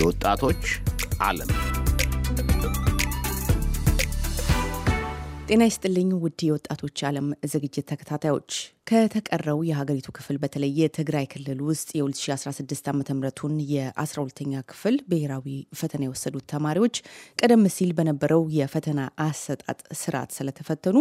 የወጣቶች ዓለም ጤና ይስጥልኝ ውድ የወጣቶች ዓለም ዝግጅት ተከታታዮች ከተቀረው የሀገሪቱ ክፍል በተለየ ትግራይ ክልል ውስጥ የ2016 ዓ ምቱን የ 12 ተኛ ክፍል ብሔራዊ ፈተና የወሰዱት ተማሪዎች ቀደም ሲል በነበረው የፈተና አሰጣጥ ስርዓት ስለተፈተኑ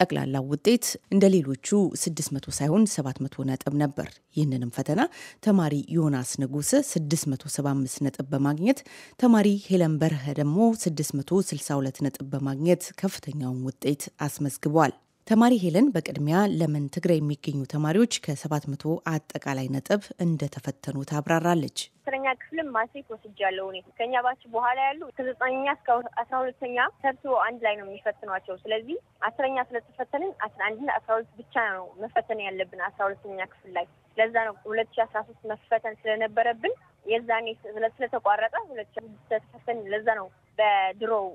ጠቅላላ ውጤት እንደ ሌሎቹ 600 ሳይሆን 700 ነጥብ ነበር። ይህንንም ፈተና ተማሪ ዮናስ ንጉስ 675 ነጥብ በማግኘት ተማሪ ሄለን በርሀ ደግሞ 662 ነጥብ በማግኘት ከፍተኛውን ውጤት አስመዝግቧል። ተማሪ ሄለን በቅድሚያ ለምን ትግራይ የሚገኙ ተማሪዎች ከሰባት መቶ አጠቃላይ ነጥብ እንደተፈተኑ ታብራራለች። አስረኛ ክፍልም ማትሪክ ወስጃለሁ እኔ ከኛ ባች በኋላ ያሉ ከዘጠነኛ እስከ አስራ ሁለተኛ ሰርቶ አንድ ላይ ነው የሚፈትኗቸው። ስለዚህ አስረኛ ስለተፈተንን አስራ አንድና አስራ ሁለት ብቻ ነው መፈተን ያለብን አስራ ሁለተኛ ክፍል ላይ ለዛ ነው ሁለት ሺ አስራ ሶስት መፈተን ስለነበረብን የዛኔ ስለተቋረጠ ሁለት ሺ ስድስት ተፈተን ለዛ ነው በድሮው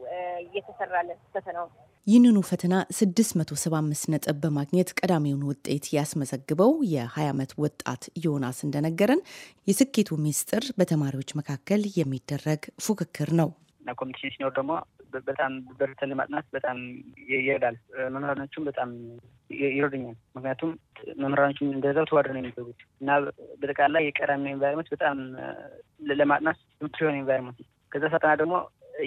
እየተሰራለን ፈተናው ይህንኑ ፈተና 675 ነጥብ በማግኘት ቀዳሚውን ውጤት ያስመዘግበው የ20 ዓመት ወጣት ዮናስ እንደነገረን የስኬቱ ሚስጥር በተማሪዎች መካከል የሚደረግ ፉክክር ነው እና ኮምፒቲሽን ሲኖር ደግሞ በጣም በርተን ለማጥናት በጣም ይረዳል። መምህራኖቹም በጣም ይረዱኛል። ምክንያቱም መምህራኖቹም እንደዛው ተዋድር ነው የሚገቡት እና በጠቃላይ የቀዳሚ ኤንቫይሮመንት በጣም ለማጥናት ምቹ የሆነ ኤንቫይሮመንት ከዛ ፈተና ደግሞ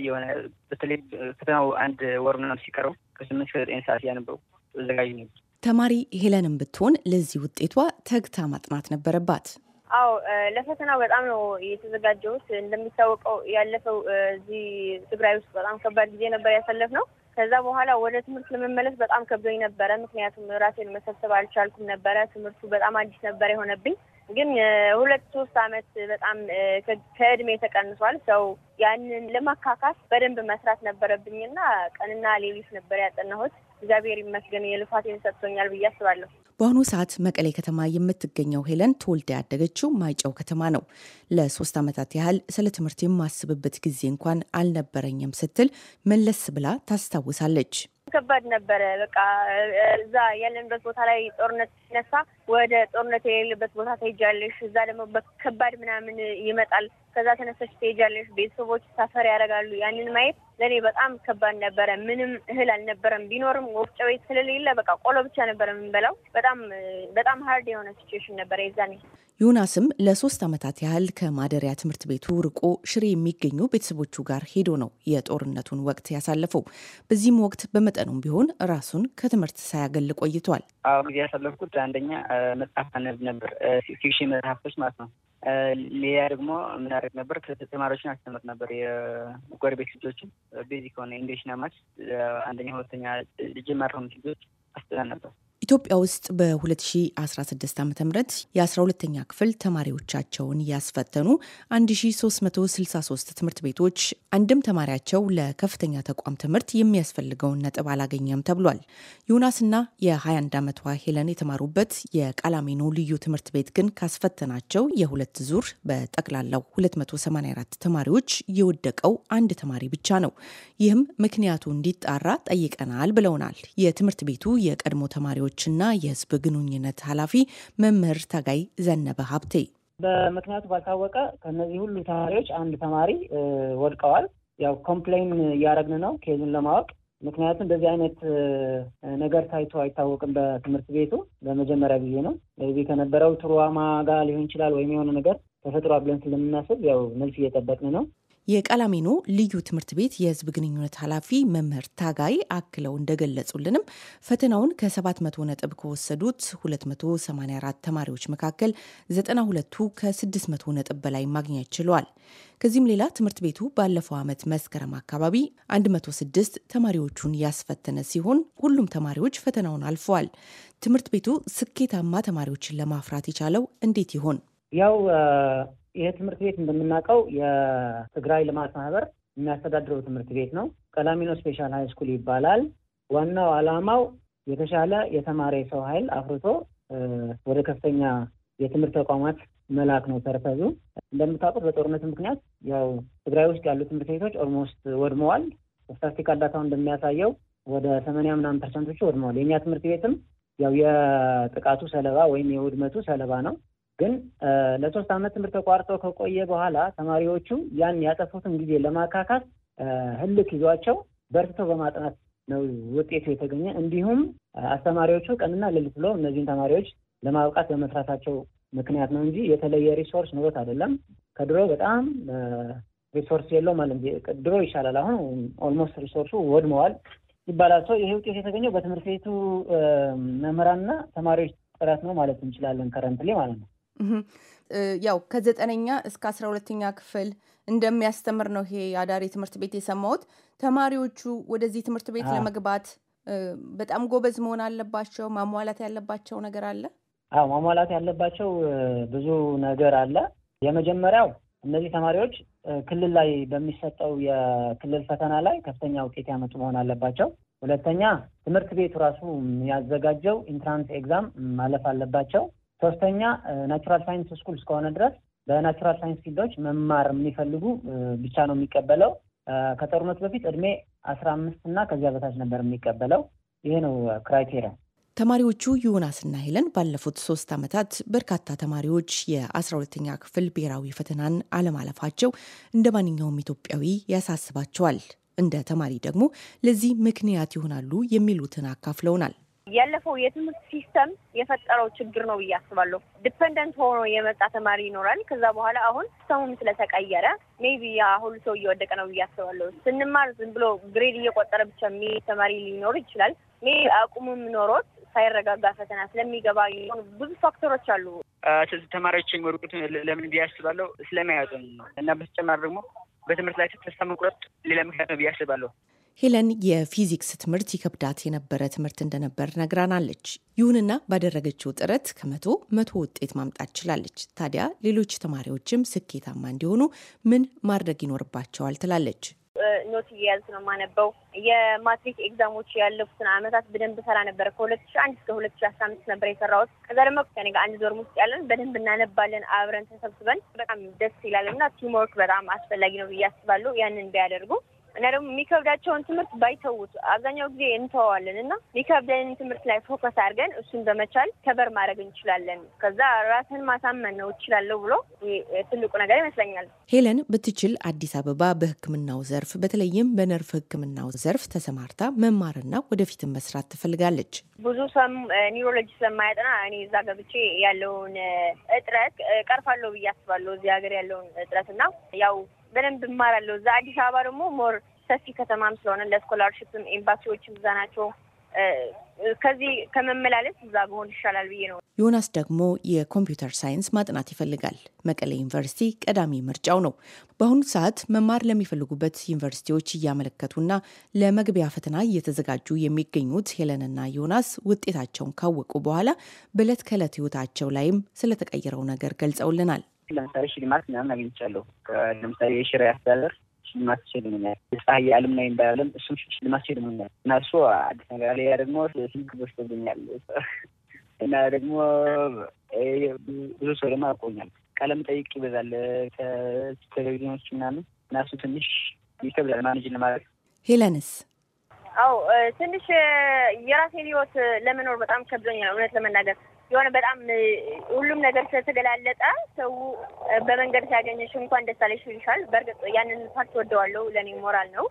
የሆነ በተለይ ፈተናው አንድ ወር ምናምን ሲቀረው ከስምንት ዘጠኝ ሰዓት ያነበሩ ተዘጋጅ ነበር። ተማሪ ሄለንም ብትሆን ለዚህ ውጤቷ ተግታ ማጥናት ነበረባት። አዎ ለፈተናው በጣም ነው የተዘጋጀሁት። እንደሚታወቀው ያለፈው እዚህ ትግራይ ውስጥ በጣም ከባድ ጊዜ ነበር ያሳለፍ ነው። ከዛ በኋላ ወደ ትምህርት ለመመለስ በጣም ከብዶኝ ነበረ። ምክንያቱም ራሴን መሰብሰብ አልቻልኩም ነበረ። ትምህርቱ በጣም አዲስ ነበር የሆነብኝ። ግን ሁለት ሶስት አመት በጣም ከእድሜ ተቀንሷል። ሰው ያንን ለማካካስ በደንብ መስራት ነበረብኝና ቀንና ሌሊት ነበር ያጠናሁት። እግዚአብሔር ይመስገን የልፋቴን ሰጥቶኛል ብዬ አስባለሁ። በአሁኑ ሰዓት መቀሌ ከተማ የምትገኘው ሄለን ተወልዳ ያደገችው ማይጨው ከተማ ነው። ለሶስት ዓመታት ያህል ስለ ትምህርት የማስብበት ጊዜ እንኳን አልነበረኝም ስትል መለስ ብላ ታስታውሳለች። ከባድ ነበረ። በቃ እዛ ያለንበት ቦታ ላይ ጦርነት ሲነሳ ወደ ጦርነት የሌለበት ቦታ ትሄጃለሽ። እዛ ደግሞ በከባድ ምናምን ይመጣል። ከዛ ተነሰች ትሄጃለሽ። ቤተሰቦች ሰፈር ያደርጋሉ። ያንን ማየት ለእኔ በጣም ከባድ ነበረ። ምንም እህል አልነበረም። ቢኖርም ወፍጮ ቤት ስለሌለ በቃ ቆሎ ብቻ ነበረ የምንበላው። በጣም በጣም ሀርድ የሆነ ሲትዌሽን ነበረ የዛኔ። ዮናስም ለሶስት ዓመታት ያህል ከማደሪያ ትምህርት ቤቱ ርቆ ሽሬ የሚገኙ ቤተሰቦቹ ጋር ሄዶ ነው የጦርነቱን ወቅት ያሳለፈው። በዚህም ወቅት በመጠኑም ቢሆን ራሱን ከትምህርት ሳያገል ቆይቷል። አሁን ጊዜ ያሳለፍኩት አንደኛ መጽሐፍ አነብ ነበር፣ ፊክሽን መጽሐፍቶች ማለት ነው። ሌላ ደግሞ ምን ነበር? ተማሪዎችን አስተምር ነበር፣ የጎረቤት ልጆችን ቤዚክ የሆነ እንግሊሽና ማች አንደኛ ሁለተኛ ልጅ ማረሆኑት ልጆች አስጠና ነበር። ኢትዮጵያ ውስጥ በ2016 ዓ ም የ12ተኛ ክፍል ተማሪዎቻቸውን ያስፈተኑ 1363 ትምህርት ቤቶች አንድም ተማሪያቸው ለከፍተኛ ተቋም ትምህርት የሚያስፈልገውን ነጥብ አላገኘም ተብሏል። ዮናስና የ21 ዓመቷ ሄለን የተማሩበት የቃላሚኖ ልዩ ትምህርት ቤት ግን ካስፈተናቸው የሁለት ዙር በጠቅላላው 284 ተማሪዎች የወደቀው አንድ ተማሪ ብቻ ነው። ይህም ምክንያቱ እንዲጣራ ጠይቀናል ብለውናል። የትምህርት ቤቱ የቀድሞ ተማሪዎች ጉዳዮችና የህዝብ ግንኙነት ኃላፊ መምህር ታጋይ ዘነበ ሀብቴ በምክንያቱ ባልታወቀ ከነዚህ ሁሉ ተማሪዎች አንድ ተማሪ ወድቀዋል። ያው ኮምፕሌን እያደረግን ነው ኬዙን ለማወቅ ምክንያቱም እንደዚህ አይነት ነገር ታይቶ አይታወቅም። በትምህርት ቤቱ በመጀመሪያ ጊዜ ነው። ለዚህ ከነበረው ትሩዋማ ጋር ሊሆን ይችላል ወይም የሆነ ነገር ተፈጥሯ ብለን ስለምናስብ ያው መልስ እየጠበቅን ነው። የቀላሜኖ ልዩ ትምህርት ቤት የህዝብ ግንኙነት ኃላፊ መምህር ታጋይ አክለው እንደገለጹልንም ፈተናውን ከ700 ነጥብ ከወሰዱት 284 ተማሪዎች መካከል 92ቱ ከ600 ነጥብ በላይ ማግኘት ችለዋል። ከዚህም ሌላ ትምህርት ቤቱ ባለፈው ዓመት መስከረም አካባቢ 106 ተማሪዎቹን ያስፈተነ ሲሆን ሁሉም ተማሪዎች ፈተናውን አልፈዋል። ትምህርት ቤቱ ስኬታማ ተማሪዎችን ለማፍራት የቻለው እንዴት ይሆን? ያው ይህ ትምህርት ቤት እንደምናውቀው የትግራይ ልማት ማህበር የሚያስተዳድረው ትምህርት ቤት ነው። ቀላሚኖ ስፔሻል ሀይ ስኩል ይባላል። ዋናው ዓላማው የተሻለ የተማረ የሰው ኃይል አፍርቶ ወደ ከፍተኛ የትምህርት ተቋማት መላክ ነው። ተርፈዙ እንደምታውቁት በጦርነት ምክንያት ያው ትግራይ ውስጥ ያሉ ትምህርት ቤቶች ኦልሞስት ወድመዋል። ስታስቲካ ዳታው እንደሚያሳየው ወደ ሰማንያ ምናምን ፐርሰንቶቹ ወድመዋል። የእኛ ትምህርት ቤትም ያው የጥቃቱ ሰለባ ወይም የውድመቱ ሰለባ ነው። ግን ለሶስት ዓመት ትምህርት ተቋርጦ ከቆየ በኋላ ተማሪዎቹ ያን ያጠፉትን ጊዜ ለማካካት ህልክ ይዟቸው በርትተው በማጥናት ነው ውጤቱ የተገኘ። እንዲሁም አስተማሪዎቹ ቀንና ሌሊት ብሎ እነዚህን ተማሪዎች ለማብቃት በመስራታቸው ምክንያት ነው እንጂ የተለየ ሪሶርስ ኖሮት አይደለም። ከድሮ በጣም ሪሶርስ የለው ማለት ድሮ ይሻላል። አሁን ኦልሞስት ሪሶርሱ ወድመዋል ይባላል። ሰው ይሄ ውጤት የተገኘው በትምህርት ቤቱ መምህራንና ተማሪዎች ጥረት ነው ማለት እንችላለን፣ ከረንትሊ ማለት ነው። ያው ከዘጠነኛ እስከ አስራ ሁለተኛ ክፍል እንደሚያስተምር ነው ይሄ አዳሪ ትምህርት ቤት የሰማሁት። ተማሪዎቹ ወደዚህ ትምህርት ቤት ለመግባት በጣም ጎበዝ መሆን አለባቸው። ማሟላት ያለባቸው ነገር አለ። አዎ ማሟላት ያለባቸው ብዙ ነገር አለ። የመጀመሪያው እነዚህ ተማሪዎች ክልል ላይ በሚሰጠው የክልል ፈተና ላይ ከፍተኛ ውጤት ያመጡ መሆን አለባቸው። ሁለተኛ ትምህርት ቤቱ ራሱ ያዘጋጀው ኢንትራንስ ኤግዛም ማለፍ አለባቸው። ሶስተኛ ናቹራል ሳይንስ ስኩል እስከሆነ ድረስ በናቹራል ሳይንስ ፊልዶች መማር የሚፈልጉ ብቻ ነው የሚቀበለው። ከጦርነቱ በፊት እድሜ አስራ አምስት እና ከዚያ በታች ነበር የሚቀበለው። ይሄ ነው ክራይቴሪያ። ተማሪዎቹ ዮናስና ሄለን ባለፉት ሶስት ዓመታት በርካታ ተማሪዎች የአስራ ሁለተኛ ክፍል ብሔራዊ ፈተናን አለማለፋቸው እንደ ማንኛውም ኢትዮጵያዊ ያሳስባቸዋል። እንደ ተማሪ ደግሞ ለዚህ ምክንያት ይሆናሉ የሚሉትን አካፍለውናል። ያለፈው የትምህርት ሲስተም የፈጠረው ችግር ነው ብዬ አስባለሁ። ዲፐንደንት ሆኖ የመጣ ተማሪ ይኖራል። ከዛ በኋላ አሁን ሲስተሙም ስለተቀየረ ሜቢ ያ ሁሉ ሰው እየወደቀ ነው ብዬ አስባለሁ። ስንማር ዝም ብሎ ግሬድ እየቆጠረ ብቻ የሚሄድ ተማሪ ሊኖር ይችላል። ሜ አቁሙም ኖሮት ሳይረጋጋ ፈተና ስለሚገባ የሆኑ ብዙ ፋክተሮች አሉ። ስለዚህ ተማሪዎች የሚወድቁት ለምን ብዬ አስባለሁ ስለማያውጡ ነው እና በተጨማሪ ደግሞ በትምህርት ላይ ተስፋ መቁረጥ ሌላ ምክንያት ነው ብዬ አስባለሁ። ሄለን የፊዚክስ ትምህርት ይከብዳት የነበረ ትምህርት እንደነበር ነግራናለች። ይሁንና ባደረገችው ጥረት ከመቶ መቶ ውጤት ማምጣት ችላለች። ታዲያ ሌሎች ተማሪዎችም ስኬታማ እንዲሆኑ ምን ማድረግ ይኖርባቸዋል ትላለች። ኖት እየያዝኩ ነው የማነበው። የማትሪክ ኤግዛሞች ያለፉትን አመታት በደንብ ሰራ ነበረ። ከሁለት ሺ አንድ እስከ ሁለት ሺ አስራ አምስት ነበር የሰራሁት። ከዛ ደግሞ ከኔ ጋር አንድ ዞርም ውስጥ ያለን በደንብ እናነባለን አብረን ተሰብስበን፣ በጣም ደስ ይላል እና ቲምወርክ በጣም አስፈላጊ ነው ብዬ አስባለሁ። ያንን ቢያደርጉ እና ደግሞ የሚከብዳቸውን ትምህርት ባይተዉት አብዛኛው ጊዜ እንተዋዋለን እና የሚከብደንን ትምህርት ላይ ፎከስ አድርገን እሱን በመቻል ከበር ማድረግ እንችላለን። ከዛ ራስን ማሳመን ነው እችላለሁ ብሎ ትልቁ ነገር ይመስለኛል። ሄለን ብትችል አዲስ አበባ በሕክምናው ዘርፍ በተለይም በነርፍ ሕክምናው ዘርፍ ተሰማርታ መማርና ወደፊት መስራት ትፈልጋለች። ብዙ ሰም ኒውሮሎጂ ስለማያጠና እኔ እዛ ገብቼ ያለውን እጥረት ቀርፋለሁ ብዬ አስባለሁ። እዚህ ሀገር ያለውን እጥረት እና ያው በደንብ እማራለሁ። እዛ አዲስ አበባ ደግሞ ሞር ሰፊ ከተማም ስለሆነ ለስኮላርሽፕም ኤምባሲዎችም እዛ ናቸው። ከዚህ ከመመላለስ እዛ በሆን ይሻላል ብዬ ነው። ዮናስ ደግሞ የኮምፒውተር ሳይንስ ማጥናት ይፈልጋል። መቀሌ ዩኒቨርሲቲ ቀዳሚ ምርጫው ነው። በአሁኑ ሰዓት መማር ለሚፈልጉበት ዩኒቨርሲቲዎች እያመለከቱና ለመግቢያ ፈተና እየተዘጋጁ የሚገኙት ሄለንና ዮናስ ውጤታቸውን ካወቁ በኋላ በዕለት ከዕለት ሕይወታቸው ላይም ስለተቀየረው ነገር ገልጸውልናል። ለምሳሌ ሽልማት ምናምን አግኝቻለሁ። ለምሳሌ የሽሬ አስተዳደር ሽልማት ሸልሞኛል። ፀሐይ አለም ላይ እንዳለም እሱም ሽልማት ሸልሞኛል እና እሱ አዲስ ነገር ያ ደግሞ ስልክ ወስዶብኛል እና ደግሞ ብዙ ሰው ደግሞ አቆኛል። ቀለም ጠይቅ ይበዛል ከቴሌቪዥኖች ምናምን እና እሱ ትንሽ ይከብዳል ማንጅ ለማድረግ። ሄለንስ? አው ትንሽ የራሴን ህይወት ለመኖር በጣም ከብዶኛል እውነት ለመናገር የሆነ በጣም ሁሉም ነገር ስለተገላለጠ ሰው በመንገድ ሲያገኘሽ እንኳን ደስ አለሽ ይልሻል። በእርግጥ ያንን ፓርት ወደዋለው ለእኔ ሞራል ነው።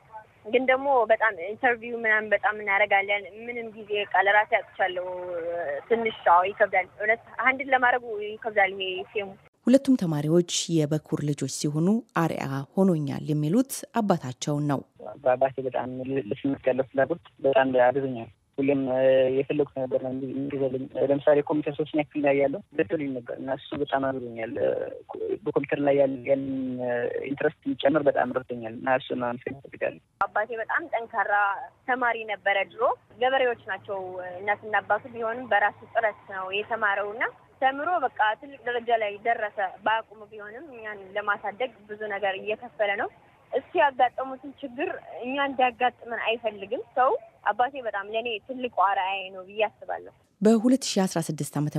ግን ደግሞ በጣም ኢንተርቪው ምናምን በጣም እናደርጋለን። ምንም ጊዜ ቃለ ራሴ ያጥቻለሁ። ትንሽ ው ይከብዳል፣ እውነት አንድን ለማድረጉ ይከብዳል። ይሄ ፌሙ ሁለቱም ተማሪዎች የበኩር ልጆች ሲሆኑ አርያ ሆኖኛል የሚሉት አባታቸውን ነው። በአባቴ በጣም ልስምት ያለው ፍላጎት በጣም አብዝኛል ሁሌም የፈለጉት ነገር ነው እንዲበልኝ። ለምሳሌ ኮምፒውተር ሶስት ያክል ላይ ያለው ገደሉኝ ነበር እና እሱ በጣም አብሮኛል። በኮምፒውተር ላይ ያለን ኢንትረስት እንዲጨምር በጣም ረድቶኛል እና እሱ ማመስገን ፈልጋለ። አባቴ በጣም ጠንካራ ተማሪ ነበረ። ድሮ ገበሬዎች ናቸው እናትና አባቱ፣ ቢሆንም በራሱ ጥረት ነው የተማረው እና ተምሮ በቃ ትልቅ ደረጃ ላይ ደረሰ። በአቁሙ ቢሆንም እኛን ለማሳደግ ብዙ ነገር እየከፈለ ነው እሱ ያጋጠሙትን ችግር እኛ እንዲያጋጥመን አይፈልግም ሰው። አባቴ በጣም ለእኔ ትልቅ አርአያ ነው ብዬ አስባለሁ። በ2016 ዓ ም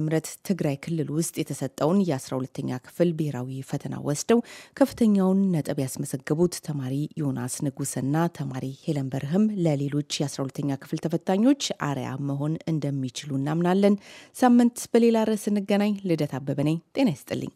ትግራይ ክልል ውስጥ የተሰጠውን የ12ተኛ ክፍል ብሔራዊ ፈተና ወስደው ከፍተኛውን ነጥብ ያስመዘገቡት ተማሪ ዮናስ ንጉሰና ተማሪ ሄለን በርህም ለሌሎች የ12ተኛ ክፍል ተፈታኞች አርያ መሆን እንደሚችሉ እናምናለን። ሳምንት በሌላ ርዕስ እንገናኝ። ልደት አበበ ነኝ። ጤና ይስጥልኝ።